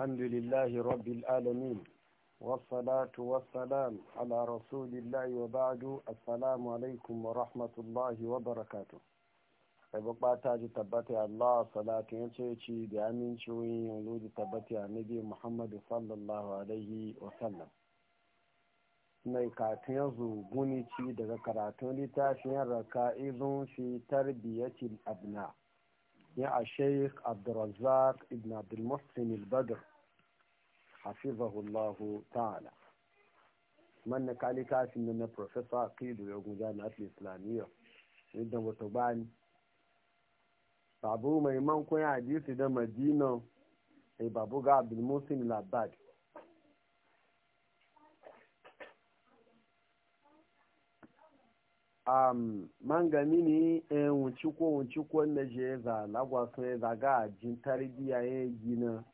الحمد لله رب العالمين والصلاة والسلام على رسول الله وبعد السلام عليكم ورحمة الله وبركاته ji tabbata Allah salatu ya ce da amincin yanzu ji tabbata Nabi Muhammadu sallallahu Mai yanzu guni ci daga karatun littafin raka'izun fi tarbiyyatil abna. ya a sheik abdurrazak ibn abdulmuhsin al-badr hafizahullahu ta'ala man na kali kafin na professor akidu ya guja na atli islamiyya idan wata bani babu mai man kun hadisi da madina ai babu ga abdulmuhsin al-badr um, manga mini eh wunci ko na je za lagwa ya zaga ya gina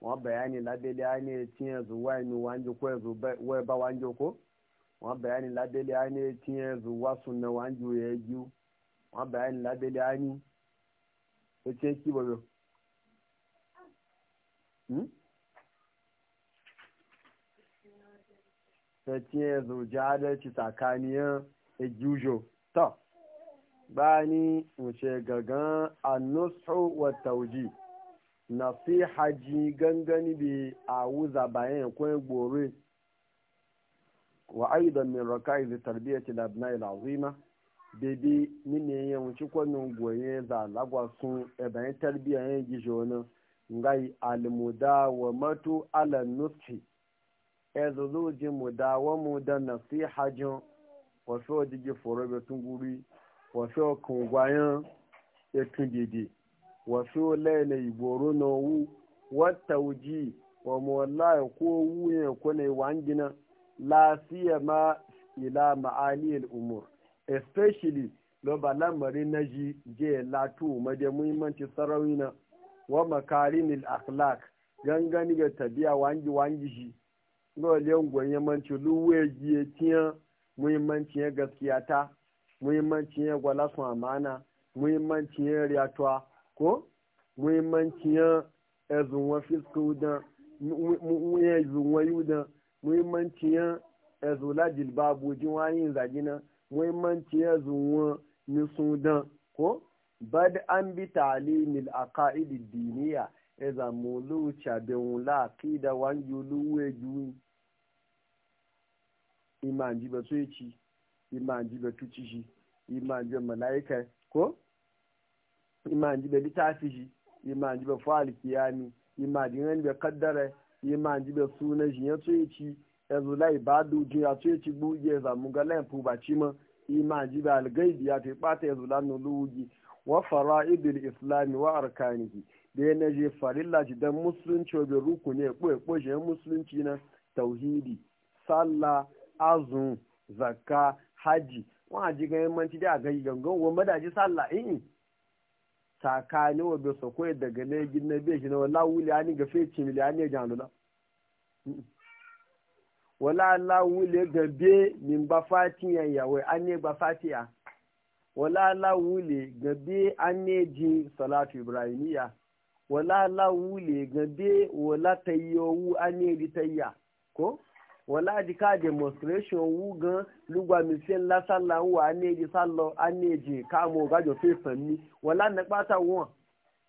wa bayani labeli ya ne tiye zuwa ni wanji ko yanzu wai ba wanji ko wa bayani labeli ya ne tiye zuwa sun na wanji eh, ya yi wa bayani labeli ya ni ya ce ki bayo ta hmm? tiye zuwa jadalci tsakaniyar eh. ejujo ta bani wuce gagan annusu wa tauji nasiha ji gangani bi a wuza bayan kwen gbore wa aidan min raka'i tarbiya tarbiyati al-abna'i al-azima bebe mine ya wuce kwanin goye za lagwa ebe ebayin tarbiya ya yi jona ngai almuda wa matu ala nuski ezo zo ji muda wa muda fi hajin wasu jige foro betun guri wasu kungwayen etun dede wasu laina iboro na owu wata uji wa mawala ko wuyen kone wangina laafiya ma ila ma'aliyar umur especially lo na ji je latu made muhimmanci sarauni na wa makarinil akhlaq gangani ga tabiya wangi wangi shi lo le luwe tiyan muhimmancin gaskiya ta muhimmancin gwalasun amana muhimmancin riyatuwa ko muhimmancin ezunwa fiskudan ezunwa yudan muhimmancin ezula jilbabu jiwayin zagina muhimmancin nisun nisudan ko bad an bi talimil aqaid diniya eza ki da wani wan yulu wejuyi imanji ba tsoyici imanji ba shi imanji ba mala'ika ko imanji ba shi imanji ba fa'al kiyami imanji ngani ba kaddara imanji ba sunan shi ya tsoyici ya zo lai ba duji ya tsoyici buge za mu ga lai fubaci ma imanji ba algaibi ya fi bata ya zo lanu luwugi wa fara'idul islami wa arkanihi da ya naje farilla ji dan musulunci wa bi rukuni ya ɓoye ɓoye musulunci na tauhidi sallah azun zakka haji wọn àti ga ẹmọ da dé àgàn gangan wọn mọdàjì in saka ne wa bai sako ya daga na yagin na bai shi na wala wuli ani ga feci mili ne ya janula wala la wuli e ga be min ba fati ya yawe ne ba fati ya wala la wuli e ga be ne ji salatu ibrahimiya wala la wuli e ga be wala ne ani tayya ko wala ji ka demonstration wu gan lugba mi se ńlá sálà ń wà á ní èjì sálọ á ní èjì káàmù ọgájọ fún ìfẹ́ mi wala ní wọn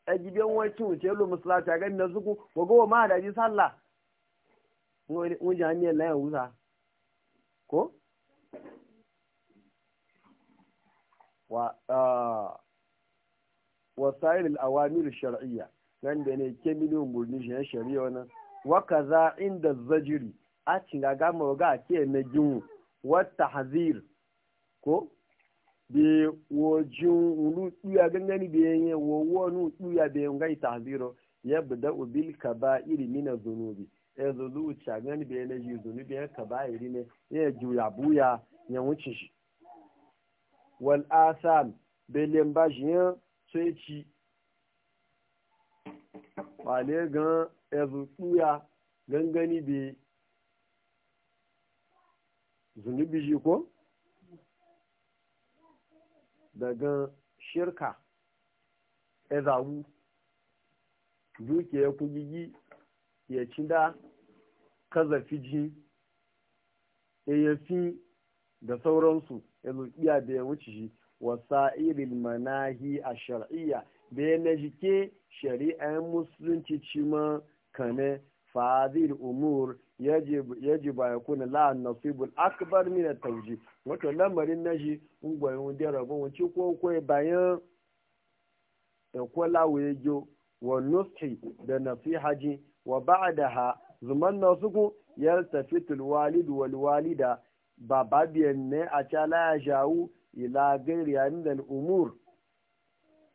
ẹjì e bí e wọn tún ìṣe ló mọṣáláṣí àgẹ́mi náà sókún gbogbo máa dàjí sálà wọn jà ní ẹ̀lẹ́ e ìwúsà kó. wasa'ir al'awamir shar'iyya nan da ne ke miliyan gurnishin shari'a wannan wakaza inda a cinga gama ga ke na jin wata hazir ko bi wajin ulu tuya gangani bi yanye wo wonu tuya bi yanga ita haziro yabda bil kaba'iri iri dhunubi zunubi e zulu cha gangani bi ne yi dhunubi ya kaba'iri ne ya juya buya ya wuce shi wal asam belen bajiyan sai ci wale gan ezu tuya gangani bi zunubi shi ko daga shirka ezawu duke ya kugigi ya ci da kazafi ji fi da sauransu ya zuƙiya da ya wuce shi wasa irin manahi a shari'a da ya najike shari'ar musulunci cima kane fa'adir umur yaji ba ya kuna la'an nasibul akbar min tauji wato lamarin na shi wunde rabon wuce ko kwaye bayan da kwala ya jo wa nuski da nasihaji wa ba'daha zuman nasuku yaltafitul walid wal walida baba biyan ne a cala ya shawu ila gairi yayin da umur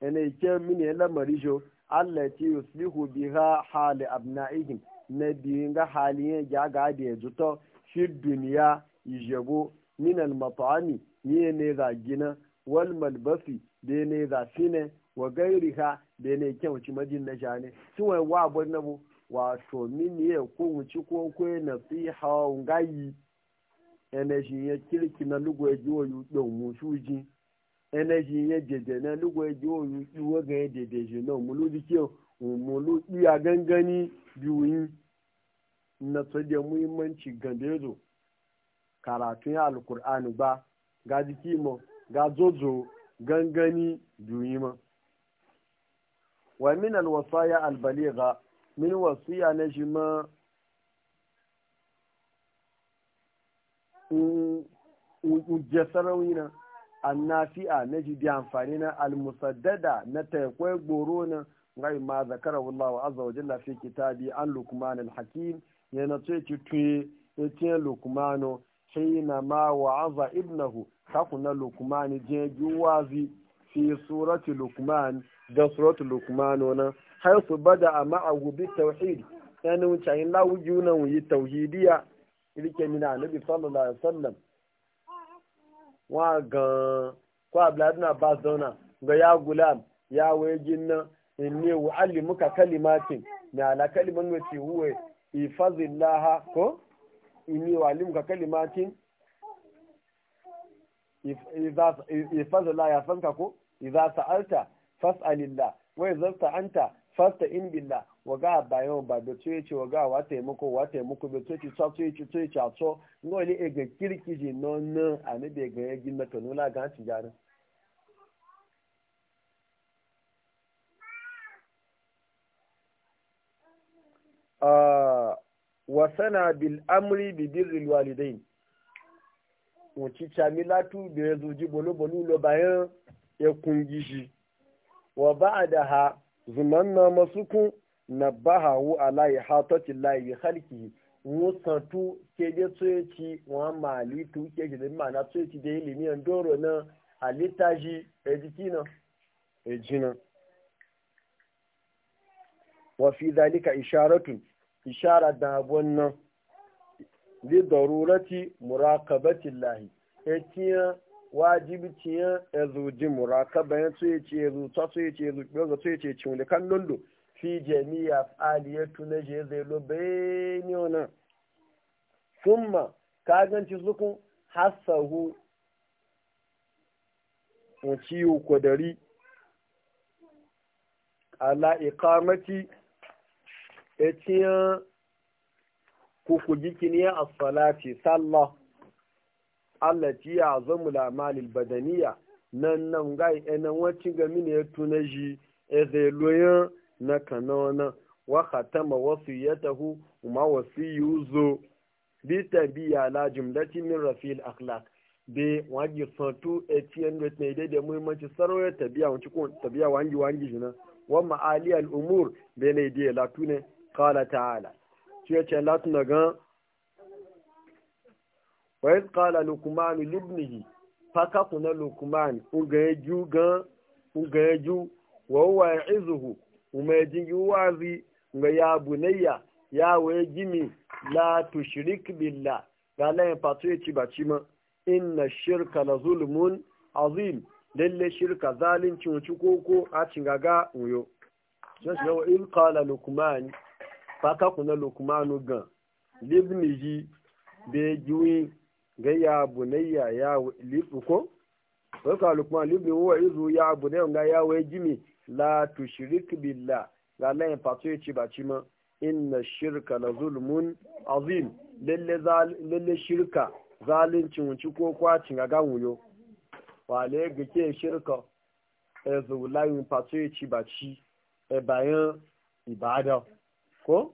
ene ke mini lamari jo Allah ya yuslihu biha hali abna'ihim na biyu ga halin ya ga da ya zuto fi duniya ijebo min al-mat'ami ne ne za gina wal malbasi da ne za fine wa gairiha da ne kyauci majin na shane sun wai wa abin na bu wato min ya ko wuci ko ko na fi hawan gayi energy ya kirki na lugu ya ji wayu don mushuji energy ya jeje na lugu ya ji wayu ji wa ya jeje na mulu dikiyo umulu iya gangani biyu na tsaye muhimmanci dezo karatun alkur'ani ba ga jiki mo ga zozo gangani biyu ma wa min alwasaya albaligha min wasiya na shi ma ujje na annafi'a na ji di amfani na almusaddada na taikwai goro na ngai ma zakara wallahu azza wa jalla fi kitabi an lukman al-hakim na ce ki tuye etin lukmano hina ma wa ibnu ibnahu hakuna lukman je juwazi fi surati lukman da surati lukmano na har su bada a ma'ahu bi tauhid yana wuce yin lawuju na wuyi tauhidiya ilike mina annabi sallallahu alaihi wasallam wa ga kwa abu ibn abbas zauna ga ya gulam ya wajin nan inni alimuka kalimatin na ala kalimun wati huwa ifazillah ko inni alimuka kalimatin ifazillah ya fanka ko idza sa'alta fas'alillah wa idza sa'anta fasta in billah waga bayan ba do tsoye ce ga wa taimako wa taimako da tsoye ce tsoye ce a tso ngoli ege kirkiji non nan anabe ga yagin na kanula ga hancin jaru wasana bil amri bi birril walidain won ti chami latu bi rezuji bolo bolu lo bayan e kungiji wa ba'daha zunanna masukun nabaha hu ala ihatati llahi bi khalqihi musatu keje tsoyeci wa mali tu keje de mana tsoyeci de ilimi ndoro na alitaji ejikina ejina wa fi dhalika isharatun ishara da wannan li darurati murakabati lahi e ya wajibi ciya ya e zuji murakaba ya e tsoye ce ya zuta tsoye ce ya zuci ga tsoye ce cin kan lullu fi jami'a aliyatu na je zai lobe ne wannan summa ka ganci sukun hasahu mu ciwo kwadari ala iqamati etiyan kukuji kiniya as-salati sallah allati ya badaniya nan nan gai enan wacin ga mini ya tuna shi e zai loyan na kanona wa khatama wasiyatahu ma wasiyu bi tabiya la jumlati min rafil akhlaq be waji fatu etiyan wet ne dai da muhimmanci sarwaya tabiya wanci ko tabiya wangi wangi jina wa ma'ali al umur be ne dai la tune kala ta'ala shi ya ce Allah tuna gan wayi kala lukumani libnihi faka kuna lukumani ugayeju gan ugayeju wa uwa ya izuhu umayajin yi wazi ga ya bunayya ya waye jimi la tu shirik billa ga layin fatu ya ci baci ma inna shirka na zulmun azim lalle shirka cin wuce koko a cin gaga wuyo. Sashi yawa in kala lukumani faka kuna lukmanu gan libni ji be juwi ga ya bunayya ya libu ko faka lukman libni wa izu ya bunayya ga ya wa jimi la tushrik billah ga lai patu ci ba ci ma inna shirka la zulmun azim lalle lalle shirka zalincin wuci ko kwacin ga gan wuyo wale ga ke shirka ezu lai patu ci ba ci e bayan ibada ko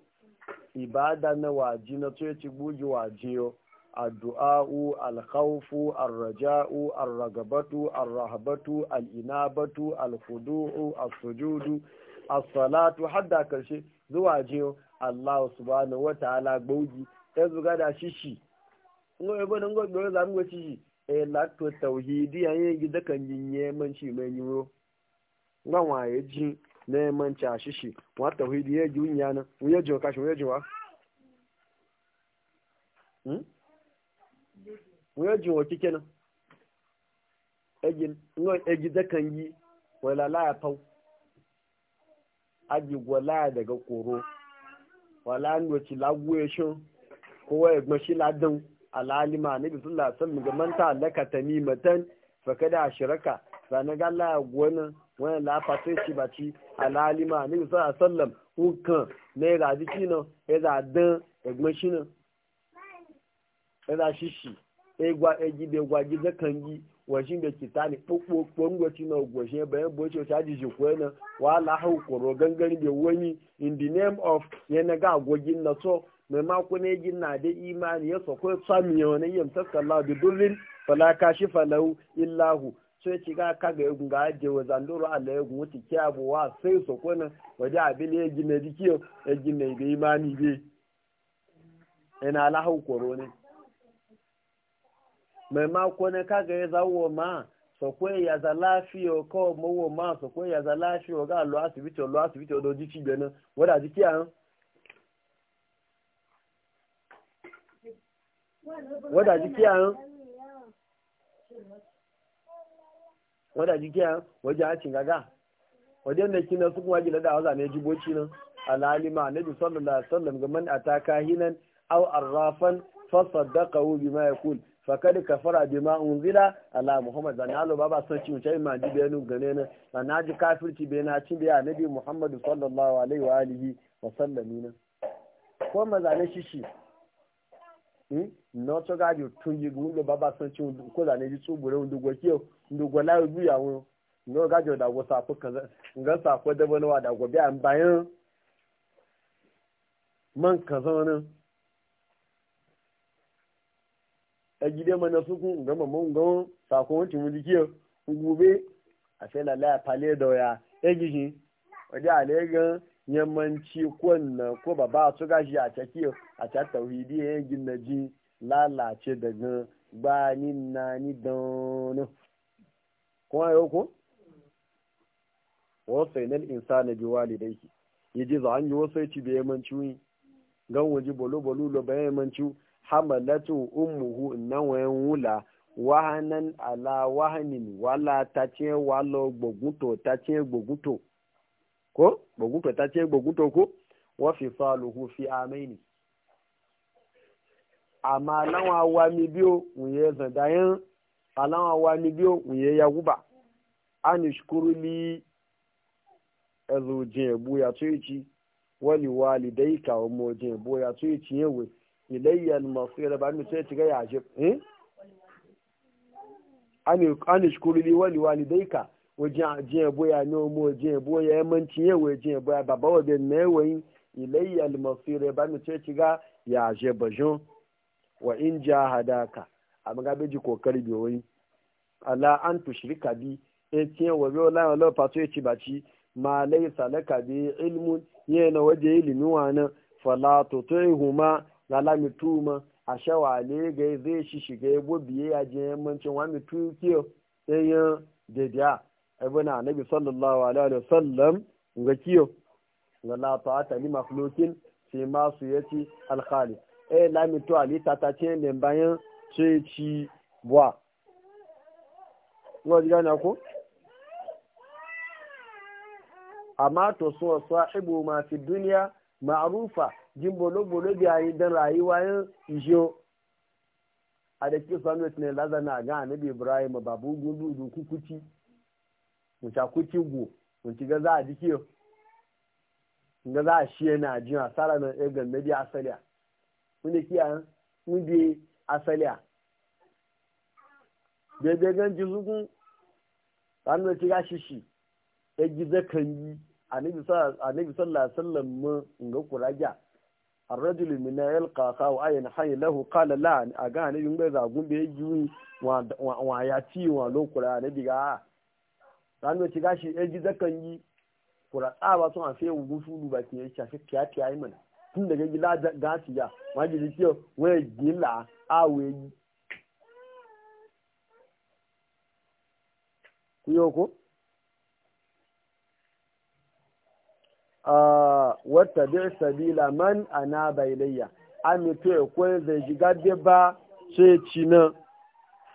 ibada na waji na tsoye ci buji wajiyo addu'a'u alkhawfu arraja'u arragabatu arrahabatu al'inabatu alkhudu'u as as-salatu hadda karshe zuwa je Allah subhanahu ta'ala gbogi sai zuga da shishi ngo ebo ngo gbe za ngo shishi e la to tauhidi yin gida kan yinye man shi mai yuro ngwa waye ji na yamanci a shishi wata hudu ya ji wunya na wuya jiwa kashi wuya jiwa wuya hmm? jiwa kike nan egin ngon egi zakan yi wala laya pau aji gwala daga koro wala ngo ci lagwe shin ko wa egma shi ladan alalima nabi sallallahu alaihi wasallam ga manta laka tamimatan fakada ashraka sana galla gwanin wani lafata shi ba ci alalima ne bisa sallam hukan na ya gaji ci nan ya zadan egbon shi nan ya za shi shi ya gwa ya gibe gwa gizo kan yi wajin da kita ne kpokpo ngwaci na ogwashe bayan boce ta jiji kuwa nan wa lahu koro gangan da wani in the name of yana ga agwagin na so mai mako ne gin na da imani ya sako sami yawanin yamsar kallahu bidurrin falaka shi falau illahu sai ci ga kaga ga ga aje wa zandoro ala egun wuti kya bo wa sai so kona waje abili ya na dikiyo ya gina ibe imani be ina ala haukoro ne mai mako ne kaga ga ya zawo ma so ko ya za lafiyo ko mowo ma so ko ya za lafiyo ga lo asibiti lo asibiti do jiki be na wada jiki an wada jiki an wadda wọ́n dàjú kí ẹ wọ́n jẹ́ àti gàgà wọ́n dẹ́nu kí náà sókùn wájú lọ́dà ọ̀sán ní jìbọ́chí náà alálìmọ̀ ànábì sọ́lọ́lá sọ́lọ́m gẹ́mọ́n àtàkà hinan aw arrafan fasadaka wu bi ma ya kul fakadi kafara bi ma unzila ala muhammad zani alo baba son cin mutai ma ji benu gane na na naji kafirci be na ci be annabi muhammad sallallahu alaihi wa alihi wa sallam ko mazane shi Hmm? na to ga tun ji gun lo baba san chi ko da ne ji tsu bure undu gwa kiyo undu gwa la ju ya sa ko kaza nga sa ko da bana wa da go bi an man kaza wannan e a gide mana sukun ga mamman gawon sakon wancan mu jikiya gobe a sai lalaya fale da waya yammanci kwanna ko ba ba su gashi a caki a ta tauhidi ya na ji lalace daga ba ni na ni don ko ayo ko wasu inal insani bi walidaihi yaji za an yi wasu ya ci bai yammanci gan waje bolo bolo lo bai yammanci hamalatu ummuhu nan wayan wula wahanan ala wahanin wala ta ce wala gbogunto ta ce gbogunto ko gbaguto ta ce gbaguto ko wafi faluhu fi amaini amma alawan awa mi biyo wuye zandayen alawan awa mi biyo wuye ya guba an shukuru li ezojin ebu ya tsoyici wali wali dai ka omo jin ebu ya tsoyici yewe ilayya almasir ba mi sai ci ga ya je eh an shukuru li wani wali dai ka wajen jiya boya nomo jiya boya yamanci yawa jiya boya baba wabe na yawayin ilayya almasire ba mu ce ga ya je bajon wa in ja hadaka amma ga beji kokari bi wai ala an tushrika bi e tiye wa bi wala wala pato e cibaci ma laysa laka bi ilmun yana waje ilimi ihuma fala tutihuma lala mituma ashawa le ga zai shi shiga yabo biye ya je yamancin wa mitu kiyo yayin dedia ibina annabi sallallahu alaihi wasallam ga kiyo ga la ta'ata li makhluqin fi ma suyati al khaliq eh la mi to ali tata ce ne bayan ce ci bwa ngo diga na ko amma to so sahibu ma fi dunya ma'rufa jimbolo bolo bi ayi dan rayuwa yin ijo a da ke sanuwa ne lazana ga annabi ibrahim babu gudu kukuci mucha kuki gu muci ga za a ji kiyo ga za a shi yana jin asara na ɗaya ganna bi asaliya wanda kiya mun bi asaliya daidai gan ji zugun ranar ci ga shishi ya ji zakan yi annabi sallallahu alaihi wasallam mun ga kuraja الرجل من يلقى خاو أين حي له قال لا أغاني ينبذ أقوم بيجوي وعياتي na قرآن بيقى ranar ci gashi ya ji zakan yi kuratsa ba sun hafe wugun sulu ba ke a shafi fiya-fiya yi mana tun daga gila gasi ya wajen da kyau waya gila a ya yi ku yi ko wata bi sabila man ana bailayya amito ya kwan zai shiga ba sai ci nan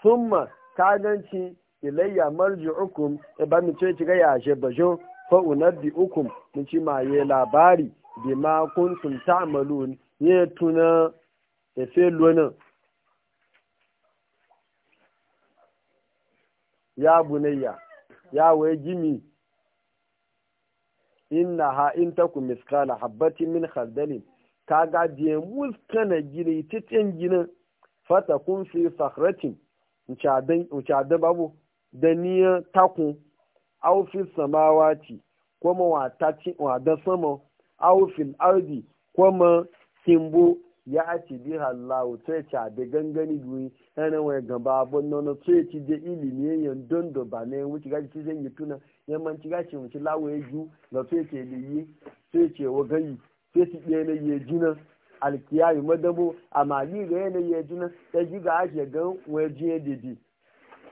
summa kaganci ilayya marji'ukum e ba mi ce ga yashe bajo fa unabbi ukum mun ci ma ye labari ma kuntum ta'malun ye tuna e fe lona ya bunayya ya waye jimi inna ha in taku miskala habbati min khardalin ka ga je muskana gine titin ginin fata kun fi in ucadan babu da niyan taku aufin samawati kuma wa da sama aufin ardi kuma kimbo ya ci bi halawu sai ci abi gangani duwi yana wai gaba abun nono sai ci je ilimi yanyan don da ba ne wuce gaji ci zan yi tuna yamman ci gaci wuce lawo ya ju ga sai ce liyi sai ce wa gayi sai ci ɗaya na yi jina alkiyayi madabo amma yi ga yanayi ya jina ya ji ga ake gan wajen dede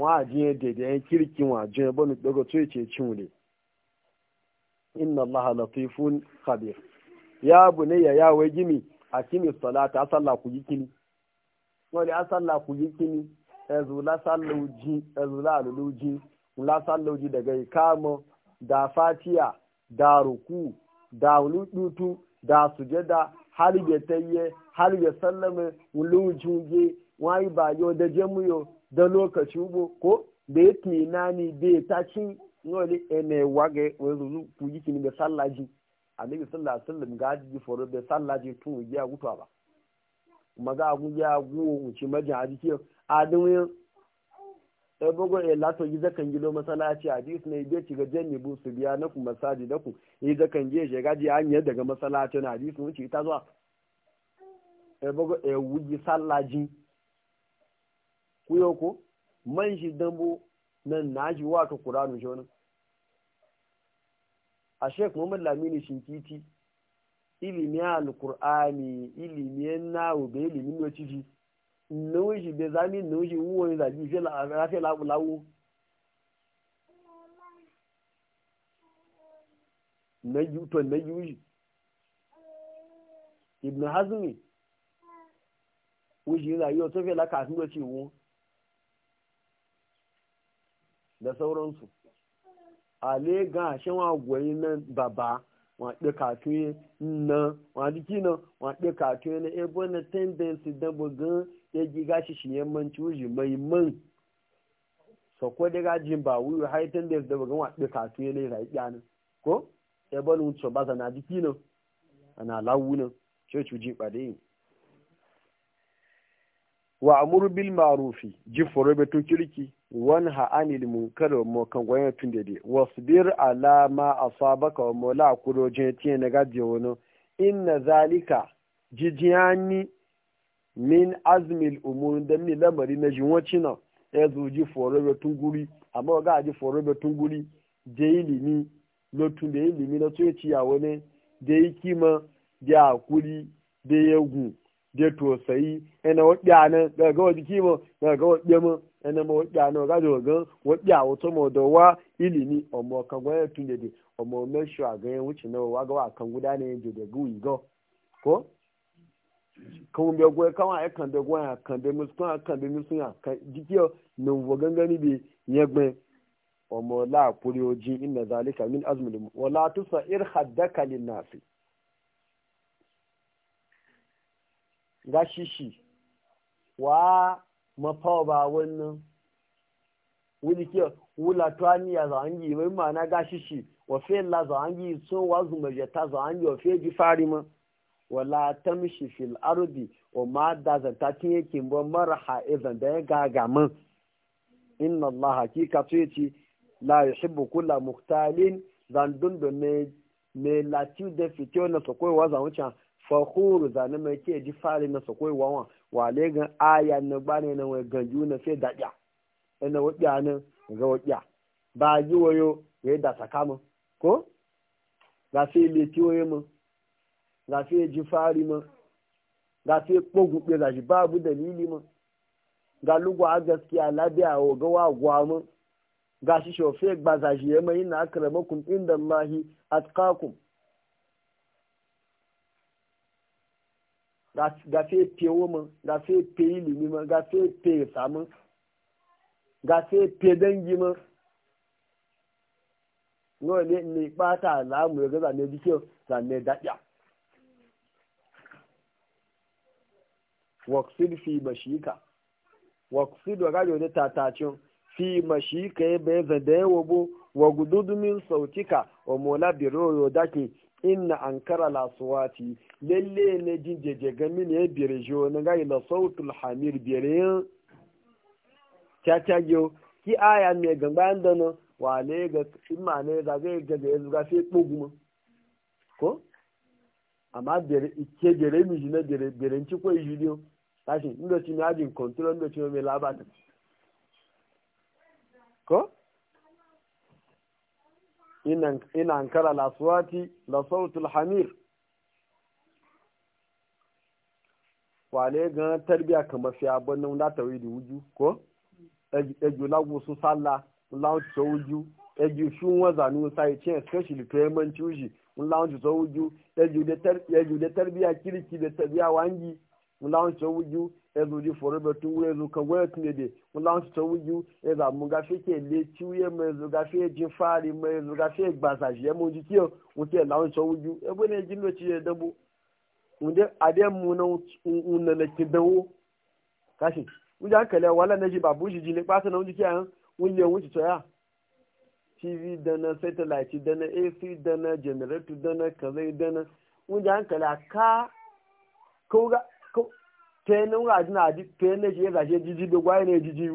wọn àjẹ́ dèdè ẹ̀ kíríkì wọn àjẹ́ ẹ̀ bọ́nu gbogbo tó ìṣe ìṣun lè inna ya bunayya ya akimi salata asalla ku yi kini wọn lè asalla yi kini daga ikamo da fatiya da ruku da olùdútú da sujada har yẹ har da lokaci ubo ko da ya tina ni bai ta cin nole ene eh, wage zuzu ku yi kini da sallaji annabi sallallahu alaihi wasallam ga ji foro da sallaji tun ya gutuwa ba maga gu ya gu uci majin haji ke adun ɗaya e bugu ya e lato yi zakan gilo masalaci hadis ne ibe ci gajen ne bu su biya na ku masaji da ku yi zakan je gaji ji hanyar daga masalaci na ne wuce ta zuwa ɗaya e ya e wuji sallaji kuyo man shi dambo nan na ji wato kuranu shi wani a sheik muhammad lamini shinkiti ilimin alkur'ani ilimin nawo da ilimin waciji nawon shi bai zami nawon shi wuwan zagi fi lafi lawo na yuton na yuji ibn hazmi wuji na yau tafi laka a sun da ce wuwan da sauransu ale ga shi wa goyi nan baba wa de katuye na wa diki na wa de katuye na e bona tendency da bugun ya e ga shi shi man cuji mai man sako da gajin ba wuyu hai tendency da bugun wa de katuye ne rai yana ko e bona so ba na diki na ana lawu na ce cuji ba dai wa amuru bil ma'rufi ji forobe to kirki wan ha anil munkar mo kan gwaya tun dede wasbir ala ma asabaka wa mola kuro je tiye na gaje wono inna zalika jijiyani min azmil umur da ni lamari na jinwaci na ya e zo ji forobe tun guri amma ga ji forobe tun guri je ilimi lotun da ilimi na so ya ciya wani da yi kima da hakuri da yagun de tosayi ena wadda na daga wadda kima daga wadda mu ena ma wadda na ga jo gan wadda wato mo da wa ilimi omo kan gwa tun de omo me sure aga yan wuce na wa ga wa kan guda ne je de gui go ko kan be gwa kan wa kan be gwa kan be mus kan kan be mus kan dikiyo no wo gangani bi yegbe omo la pori oji inna zalika min azmul wala tusair haddaka lin nasi ga shishi wa mafawa ba wannan wuli ke wula tuwani ya yi wai ma'ana ga shishi wa fela zahangi sun wa zumarjata zahangi wa bi fari ma wa la ta mishi fil ardi wa ma da zanta tun yake bɔ mara ha'izan e da ya ma inna Allah hakika to yace la yuhibbu kulla muhtalin zandun da mai latin lati da fitiyo na sakwai wa zamucin fahuru zane mai ke ji fari na sakwai wawan wa wale gan aya na ne na wai ganju na sai daɗya ina e waɗya nan ga waɗya ba ji wayo ya yi da saka mu ko ga sai leti waye mu ga sai ji fari mu ga sai kpogugbe ga shi babu dalili mu ga a gaskiya labiya wa ga wa gwa mu ga shi shofe gbazashi ya mai na akramakum inda Allahi atqakum gafe pe owó mọ gafe pe ìlìmí mọ gafe pe ìfà mọ gafe pe dẹ́ngi mọ náà ní ní pátá àlámù ẹgbẹ́ sàmì ẹbí tí ó sàmì ẹ̀dájà. wọ́ksídì fi màṣíkà wọ́ksídì ọ̀gájọ́ ní tàtàkì fi màṣíkà ẹ̀bẹ̀ ẹ̀zẹ̀dẹ̀ ẹ̀wọ̀ wa wọ́gùdúdú min ń sọ̀tìkà ọmọ ọlábìrì ọ̀yọ̀ dake. inna an kara lasuwati lalle na jinjeje gami ne biyar jo na gai la sautul hamir biyar yin cacajo ki aya ne gangbayan da nan wale ga ima ne da zai gaga ya zuga sai kpoguma ko amma ike biyar mi shi na biyar ci yi juliyo tashin inda ci ne ajin kontrol inda ci ne mai labarin ko ina ankara lasuwati la sautul hamir wale ga tarbiya kamar fi abin nan da tawhidi wuju ko eju lagu su salla launci so wuju eju shun waza nu sai cin especially payment wuji launci so wuju eju da tarbiya kirki da tarbiya wangi mulan ce wuju ya zuji forobe tun wuya zu kan waya tun dede mulan ce wuju ya za mu gafe ke le ciwuye mai zu gafe jin fari mai zu gafe gbasa shi ya mun ji kiyo wuce lan ce wuju ya bane jin da ci ya dabo wunde ade mu na unna na ki dawo kashi wunde an wala to ya tv dana satellite dana ac dana generator dana kaza dana wunde an ka ko ga tẹni ń ràdí náà àdí tẹni ṣe é ràṣẹ jíjí gbogbo ayé náà jíjí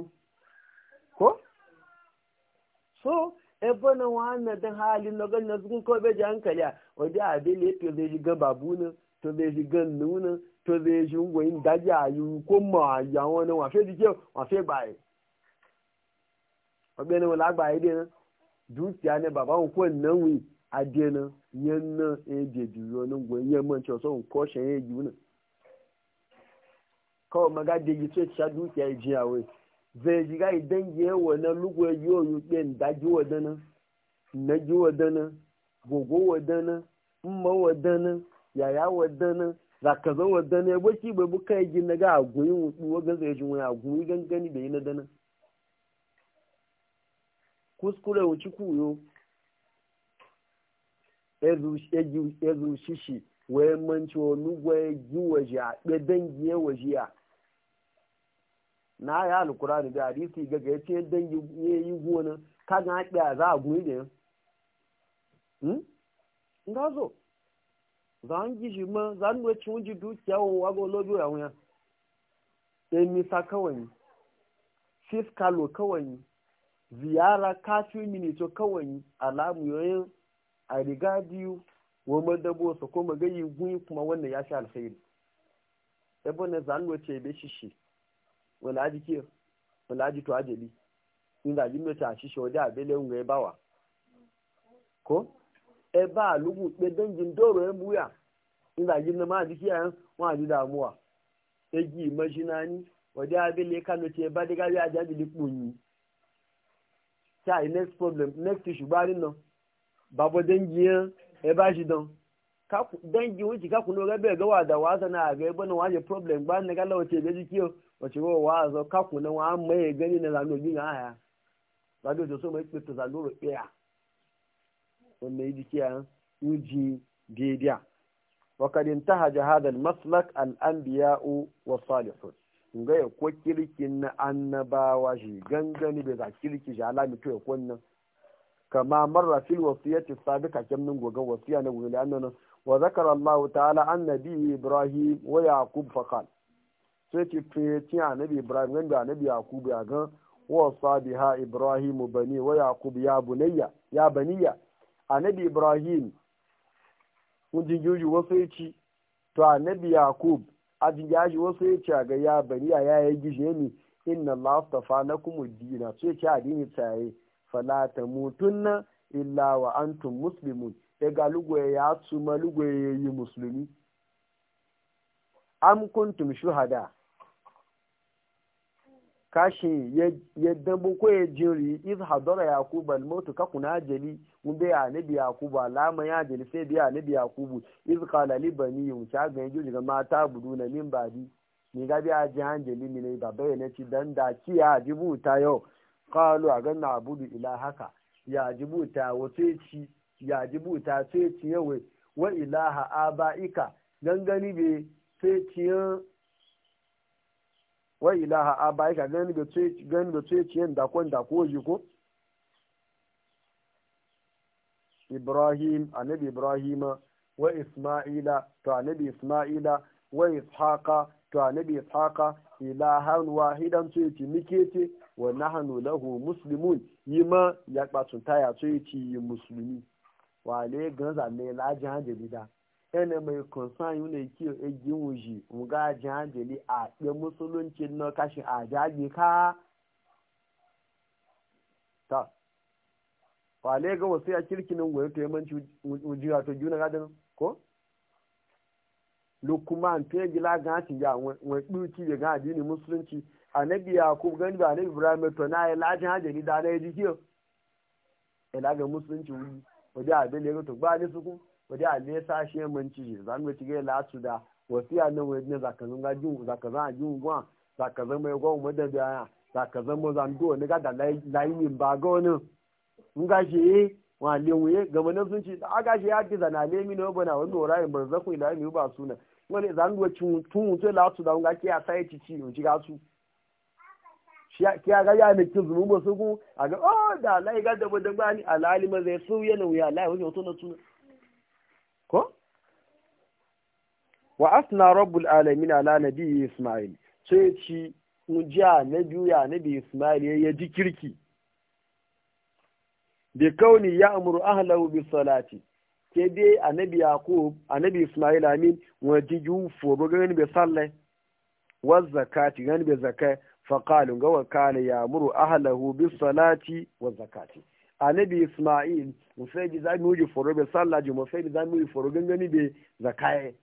so ebe na wannan din hali na gan na sun ko beji hankali a wadda abin ne to zai shiga babu to zai shiga nuna to zai shi ngwayin daji a yi ko ma ya wani wafe jike wafe baye ọgbẹ́ ni wọn lágbàáyé dé náà dúkìá ní bàbá òun kò náwó adé náà na náà èdè dùrọ̀ ní ngwayin yẹn man ní ọ̀sán òun kọ́ ṣẹ̀yìn kawai maga da yi ce sha dukiya ji yawai zai ji ga idan yi wa na lugu ya yi oyu ɗin da ji wadana na ji wadana gogo wadana mma wa wadana yaya wa wadana zakazan wadana ya gwaki bai buka yi na ga agoyi wuɗu wagan zai ji wani agoyi gangani da yi na dana kuskure wuci kuyo ezu shishi wayan manci wa lugu ya yi waje a ɗaya dangi ya waje a na ya alkurani da hadisi gaga ga yace dan yi gona ka ga ya za a gune ne hmm? nga zo za an gishi ma za nuna ci wunji dukiya wa wago lojo ya wuya e, ɗan nisa kawai fiskalo kawai ziyara kafin to kawai alamu yoyin a riga biyu wa madabo su kuma gayi gun kuma wannan ya sha alkhairi ebe bane za nuna ce be shi shi wala aji ke wala aji to ajeli in da jimbe ta shi shode abele unga ebawa ko eba alugu pe danjin doro embuya in da jimbe ma aji kiyan wa aji damuwa eji imajinani wade abele kano ti eba de gari aji ajeli kunyi ta next problem next issue bari no babo dangiyan eba shi don dangi wuce ka kuno bai ga wa da wasa na ga na waje problem ba ne kala wace ga jiki wace wa wazo ka kuno wa mai gani na zalo yin aya ba do so mai kito zalo ro iya wanne jiki an uji bidiya wa kad intaha hadha al maslak al anbiya wa salihun ga ya ko kirkin na annabawa shi gangani bai za kirki shi alami to ya kunna kama marra fil wasiyati sabika kamnin gogan wasiya na gogan annabawa وذكر الله تعالى عن نبي إبراهيم ويعقوب فقال سيتي فيتي عن نبي إبراهيم عن نبي يعقوب يعقوب وصى بها إبراهيم بني ويعقوب يا بني يا بني عن نبي إبراهيم ونجيجي وصيتي تو عن نبي يعقوب أجيجي وصيتي يا بني يا يجيجيني إن الله اصطفى لكم الدين سيتي عديني تاي فلا تموتن إلا وأنتم مسلمون daga lugwaye ya tsuma lugwaye ya yi musulmi am kuntum shuhada kashi yadda boko ya jiri izhadara yakubu almotu kaku kuna ajali mun bai anabi yakubu alama ya ajali sai bai anabi yakubu iz qala li bani yum jiri ga yaji daga mata buduna ba badi ni ga bi aji anjali ni ne baba ya ci dan da ki ya jibuta yau kalu a ganna abudu ila haka ya jibuta wato ci ya ji buta sai yawai wa ilaha aba'ika gani be sai ciyan wa ilaha aba'ika gani be sai ciyan dakon dako ji ko ibrahim annabi Ibrahim wa isma'ila to annabi isma'ila wa ishaqa to annabi ishaqa ilahan wahidan sai ci nike ce wa nahnu lahu muslimun yima ya kpatsunta ya sai ci musulmi wale ganza ne lajin hanjeli da ene mai konsan yi ne kiyo egi wuji nga jin hanjeli a ɗe musulunci na kashi a jage ka ta wale ga wasu ya kirkinin wani to yamanci wujiya to juna gadin ko lukman to ya gila ga hatin ya wani ɗuki ya ga adini musulunci annabi yakub gani ba annabi ibrahim to na ya lajin hanjeli da na ya ji kiyo ila e ga musulunci wuji waje abin da ya rutu ba ne suku waje a nesa shi ci za mu ci gai latu da wasiya nan waje ne ka ga jin za zakazan a jin gwa za ka zama ya gwa da biya za ka zama zan do ne ga da layin ba ga wani mun ga shi wa lewuye gama nan sun ci a ga shi ya ki zana le mi no bana wani orayin barzaku ila mi ba suna wani zan do cin tun to latu da mun ga ki a sai ci ci mun ci ga su ki ga ya ne ki zuru ba su ku a ga oh da lai ga da bada bani alali ma zai su yana wuya lai wani hoto na tuna ko wa asna rabbul alamin ala nabi isma'il sai ci mujiya na juya nabi isma'il ya ji kirki bi kauni ya amuru ahlahu bi salati ke dai annabi yaqub annabi isma'il amin wa ji ju foro ga ne be salle wa zakati ga ne be zakai faƙalin ga wakana ya muru ahalahu bis salati wa zakati anabi isma'il musaidi za mu yi foro be sallaji musaidi za mu yi foro gangani be zakaye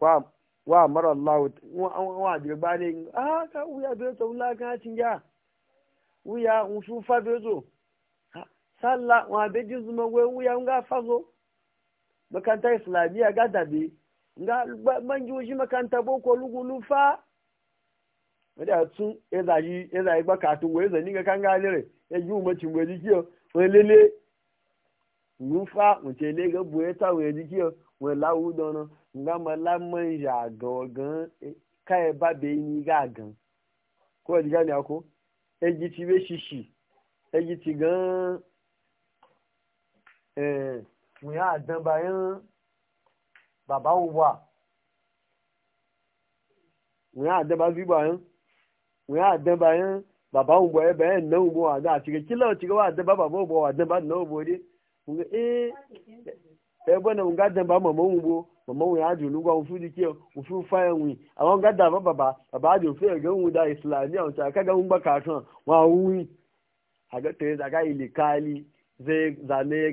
wa wa mara Allah wa bi bani ah ka uya be to la ka cin ya uya usu fa be zo wa be jizuma we uya nga fazo makanta islamiya ga dabi nga manjuji makanta boko lugu lufa wadda tun ya e zayi e ba katun wai zani ga kan galire e ya ji umarci mai jikiyo wai lele nufa wace le ga buye ta wai jikiyo wai lawu dono nga ma lamman ya ga gan kai ba be ni ga gan ko ji gani ako e ji ti be shishi e ji ti gan eh mu ya dan bayan baba wa mu ya dan ba bi bayan wọn yà dán báyẹn bàbá òun bọ̀ ẹ bẹ́ẹ̀ náà òun bọ̀ wà dán àtìkè kí lọ́wọ́ tìkẹ́ wà dán bá bàbá òun bọ̀ wà dán bá náà òun bọ̀ dé wọn ee ẹ bọ́ náà gá dán bá mọ̀mọ́ òun bọ̀ mọ̀mọ́ òun yà dùn lúgbà òun fún di kí òun fún fún ẹ̀ wìn àwọn gá dán bá bàbá bàbá àjò fún ẹ̀gẹ́ òun da ìsìlámì àwọn zane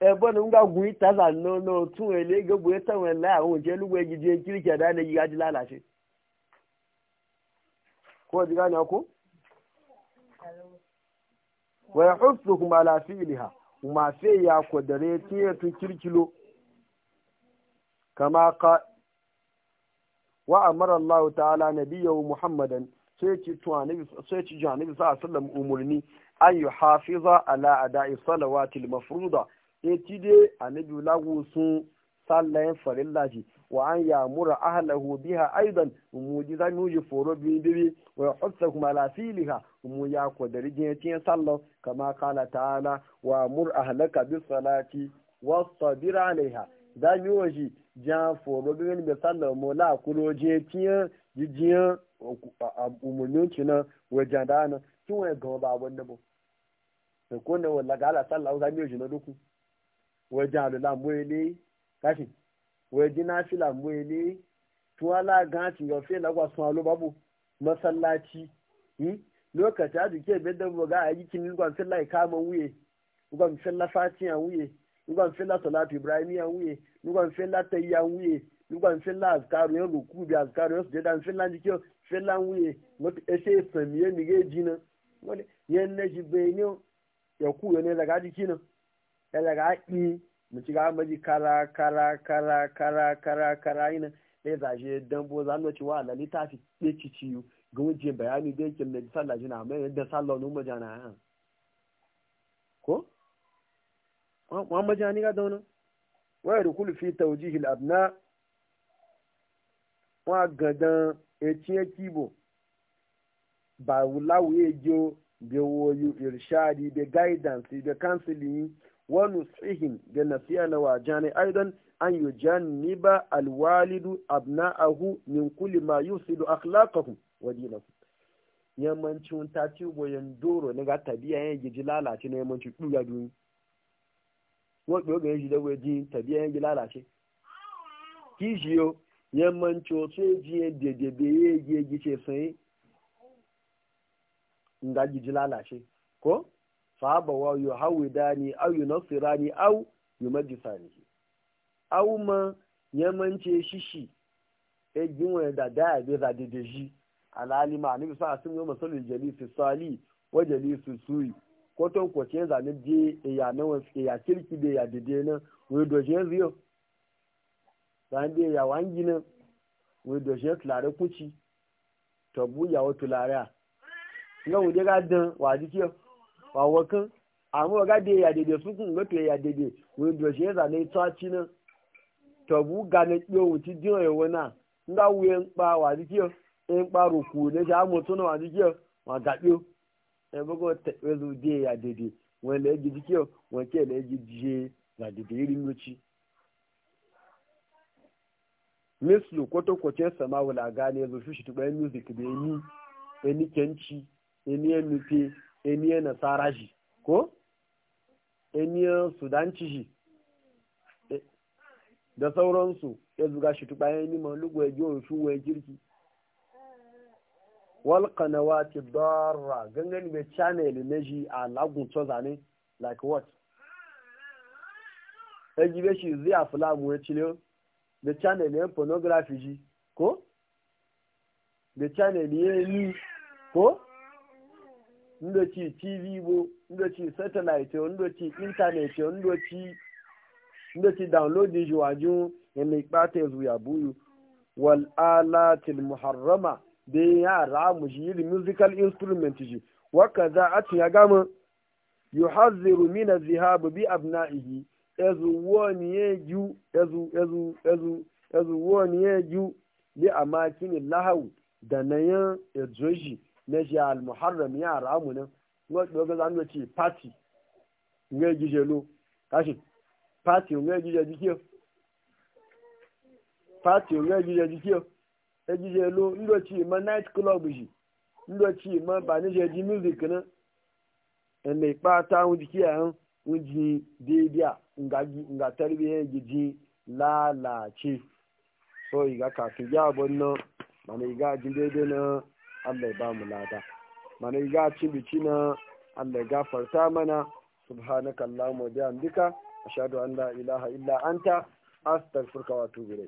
ẹ̀bọ́n na nga gwi taza no no tun ele ga bu eta wen la o je lu gwe gije kirke da ne ji lalace wa yahsukum ala kuma sai ya kodare tiye kama ka wa amara Allah ta'ala wa Muhammadan sai ci tuwanibi sai ci janibi sallallahu alaihi wasallam umurni an yuhafiza ala ada'i salawatil mafruda etide dai annabi lagu sun sallayen farilla shi wa an yamura ahlahu biha aidan mu ji zan foro bi bi wa hutsa kuma lafiliha umu mu ya ko da rijin tin sallo kama kala ta'ala wa mur ahlaka bis salati wastabir alaiha zan yuji jan foro bi ni sallo mo la kuro je tin jijiyan umunin kina wajen dana kin wani gaba ba wanda bo ko ne wala gala sallahu zan yuji na duku wajen alula mwele kashi wajen nafila mwele tuwala ganci ga fe lagwa sun alo babu masallaci lokaci a duke bai dabo ga a yi kinin gwan fila kama wuye gwan fila fatiya wuye gwan fila salatu ibrahimiya wuye gwan fila tayya wuye gwan fila azukaru, yan ruku bi azukaru. yan sujada fila jike fila wuye mata ese samiye ni ge jina wani yan na shi bai ne ya ku daga jiki nan yalla ga aki mu ci gaba maji kara kara kara kara kara kara ina da za je dambo za mu ci wa ta fi ke ci ciyu ga bayani da yake mai sallah jina mai yadda sallah nu majana ha ko wa majani ga dauna wa yadkhulu fi tawjihi abna wa gadan etie kibo ba wulawo ejo be woyu irshadi be guidance be counseling wa nusihim da nasiya na wajane aidan an yujanniba alwalidu abna'ahu min kulli ma yammancin ta ci boyan doro na ga tabiya ya gidi lalace na yammancin duga duni wọ́n pè ó gẹ̀ẹ́ ṣe lọ́wọ́ ẹjí tàbí ẹ̀yìn gbé lálàáṣẹ́ kí ṣe o yẹn mọ ní tí o tún èjì yẹn dèdèdè yéèjì èjì ṣe au يهوداني أو au أو يمجساني أو ما يمنتي شيشي ejin wani da daya bai za daidai shi alalima a nufi sa sun yi masalin jalisu sali wa jalisu suyi ko ton ko ce za je ya na wa e ya kirki da ya dide na we do je ziyo dan de ya wangi na we do je tulare kuci to bu ya wa tulare na wuje ga dan wa dikiyo wawa kan amma ga da ya dede su kun gato ya dede wani doshe ya zane tsaci nan tabu ga na kiyo wuci jiwa ya wana nga wuye nkpa wa dikiyo en kpa roku ne sha mutu na wa dikiyo wa gaɓiyo ya bugo taɓezu de ya dede wani da ya ji dikiyo wani ke da ya ji jiye na dede irin wuci mislu kwatankwacin sama wula gane ya zo shi shi tuɓa music da ya ni ya e ni kenci ya e ni ya e nufe emiye nasara shi ko emiye sudanci shi eh, da sauransu ya zuga shi tuba ya nima lugu ya jiyo shi wa kirki wal qanawati darra gangan be channel ne shi a lagun to zane like what eji be shi zai afla mu ya cile be channel ne pornography ji ko be channel ya ni ko ndochi tv igbo ndochi satelaiti ndochi intaneti ndochi ndochi download jiwaju eme ikpata ezu ya buyu wal alatil muharrama da ya ramu shi yiri musical instrument ji waka za a ci ya gama yuhazziru min Zihabu bi abna'ihi ezu woni yeju ezu ezu ezu ezu woni ya bi amakin lahu da nayan ejoji na al-muharram ya haramu nan wadda za mu ce party nga gije lo kashi party nga gije dikio party nga gije dikio e gije lo ndo ci ma night club ji ndo ci ma ba ni je di music na en le pa ta un dikio un ji de dia nga gi nga tarbiye giji lalace so iga ka ki ja bonno mana iga jinde de na Allah ya ba mu lada mana ga ci biki na Allah ya gafarta mana subhanakallahumma wa bihamdika ashhadu an la ilaha illa anta astaghfiruka wa atubu